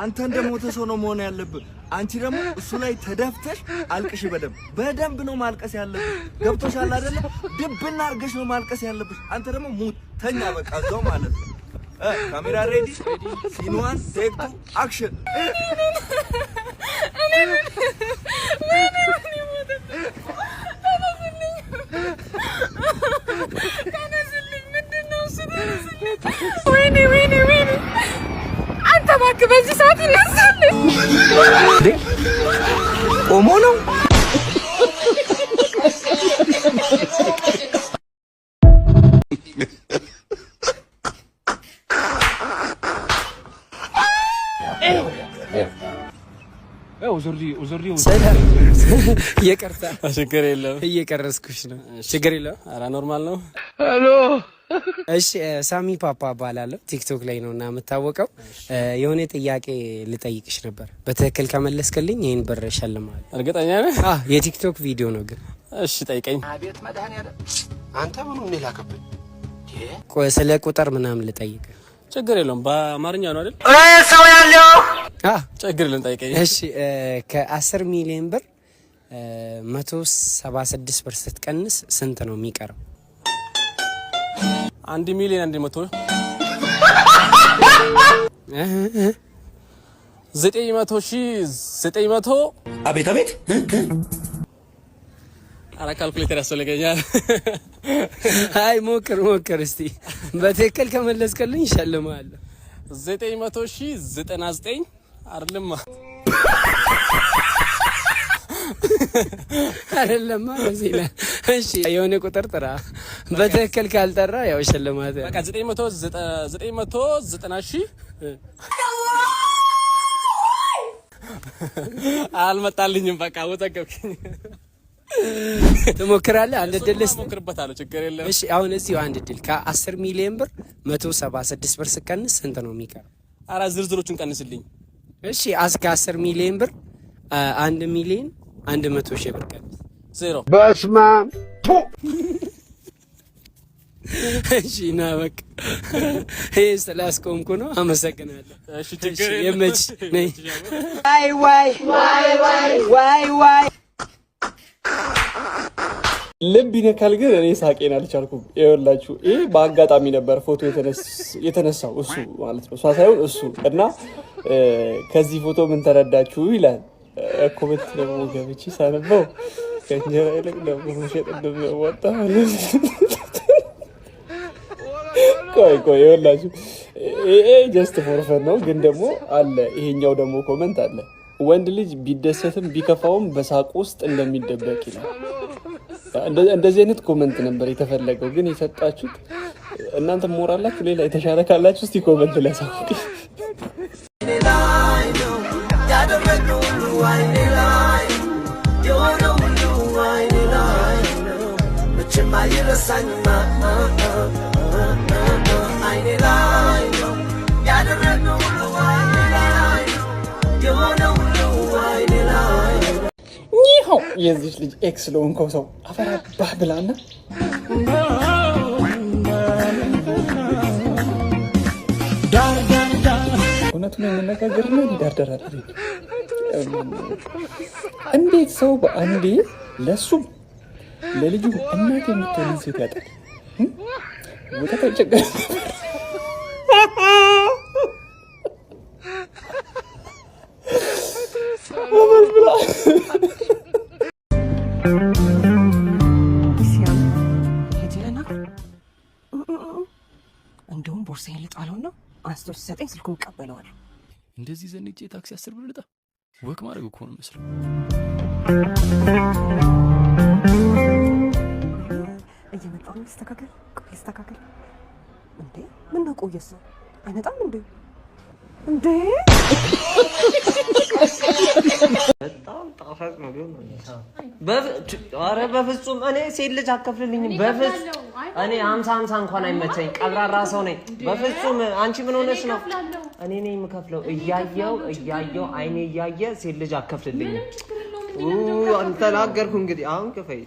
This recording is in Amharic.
አንተ እንደ ሞተ ሰው ነው መሆን ያለብህ። አንቺ ደግሞ እሱ ላይ ተደፍተሽ አልቅሽ። በደንብ በደንብ ነው ማልቀስ ያለብህ። ገብቶሻል አይደለ? ድብና አርገሽ ነው ማልቀስ ያለብሽ። አንተ ደግሞ ሙት ተኛ፣ በቃ እዛው ማለት ነው። ካሜራ ሬዲ ሲንዋን ቴክ ቱ አክሽን ስልክ በዚህ ሰዓት ይነሳል? ቆሞ ነው። እየቀረስኩሽ ነው። ችግር የለም። ኧረ ኖርማል ነው። እሺ ሳሚ ፓፓ እባላለሁ። ቲክቶክ ላይ ነው እና የምታወቀው። የሆነ ጥያቄ ልጠይቅሽ ነበር። በትክክል ከመለስክልኝ ይህን ብር እሸልምሃለሁ። እርግጠኛ ነህ? የቲክቶክ ቪዲዮ ነው ግን። እሺ ጠይቀኝ። አቤት መድኃኒዓለም፣ አንተ ምኑ ምን ላከብኝ። ስለ ቁጥር ምናምን ልጠይቅ። ችግር የለውም። በአማርኛ ነው አይደል? ሰው ያለው ችግር የለውም። ጠይቀኝ። እሺ ከአስር ሚሊዮን ብር መቶ ሰባ ስድስት ብር ስትቀንስ ስንት ነው የሚቀረው? አንድ ሚሊዮን አንድ መቶ ዘጠኝ መቶ ሺ ዘጠኝ መቶ አቤት አቤት ኧረ ካልኩሌተር ያስፈልገኛል። አይ ሞክር ሞክር እስቲ በትክክል ከመለስከልኝ እሸልምሃለሁ። ዘጠኝ መቶ ሺ ዘጠና ዘጠኝ አርልማ አይደለማ አይደለማ። እሺ የሆነ ቁጥር ጥራ በትክክል ካልጠራ ያው ሽልማት በቃ ሺህ አልመጣልኝም። በቃ ወጠገብኝ። ትሞክራለህ? አንድ ድል ሞክርበታለሁ። ችግር የለም። እሺ አሁን እዚሁ አንድ ድል ከ10 ሚሊዮን ብር 176 ብር ስቀንስ ስንት ነው የሚቀር? አራ ዝርዝሮቹን ቀንስልኝ። እሺ እስከ 10 ሚሊዮን ብር አንድ ሚሊዮን አንድ መቶ ሺህ ብር ቀንስ። ዜሮ በስማ እሺ ና በቃ ይሄ ስላስቆምኩ ነው። አመሰግናለሁ። የመች ዋይ ዋይ ዋይ ዋይ ልብ ይነካል። ግን እኔ ሳቄን አልቻልኩም። ይኸውላችሁ ይሄ በአጋጣሚ ነበር ፎቶ የተነሳው እሱ ማለት ነው፣ እሷ ሳይሆን እሱ እና ከዚህ ፎቶ ምን ተረዳችሁ ይላል። ኮመንት ደግሞ ገብቼ ሳነበው ከእንጀራ ይልቅ ደግሞ መሸጥ እንደሚያዋጣ ቆይ ቆይ ይኸውላችሁ ይሄ ጀስት ፎርፈን ነው፣ ግን ደግሞ አለ ይሄኛው ደግሞ ኮመንት አለ ወንድ ልጅ ቢደሰትም ቢከፋውም በሳቅ ውስጥ እንደሚደበቅ ይላል። እንደዚህ አይነት ኮመንት ነበር የተፈለገው፣ ግን የሰጣችሁት እናንተ ሞራላችሁ ሌላ የተሻለ ካላችሁ እስቲ ኮመንት ላይ አይኔ ይኸው የዚች ልጅ ኤክስ ለሆንከው ሰው አፈራባህ ብላና እውነቱን የምነጋገር ነው እንዴት ሰው በአንዴ ለሱም ለልጁ እናት የምትሆንን ሴት ያጣል? ቦታ ተቸገረ። እንደውም ቦርሳዬን ልጣለውና አንስቶ ሲሰጠኝ ስልኩን እቀበለዋለሁ። እንደዚህ ዘንጬ ታክሲ አስር ብር ልጣ ወክ ማድረግ እኮ ነው መስለው። እየመጣሁ ነው። ይስተካከል፣ ይስተካከል እንዴ ምን ነው ቆየስ አይመጣም እንዴ እንዴ በጣም ጣፋጭ ምግብ ነው። ኧረ በፍጹም እኔ ሴት ልጅ አከፍልልኝም። በፍጹም እኔ ሀምሳ ሀምሳ እንኳን አይመቸኝ፣ ቀብራራ ሰው ነኝ። በፍጹም አንቺ ምን ሆነሽ ነው? እኔ ነኝ የምከፍለው። እያየው እያየው አይኔ እያየ ሴት ልጅ አከፍልልኝም። አንተናገርኩ እንግዲህ አሁን ክፈይ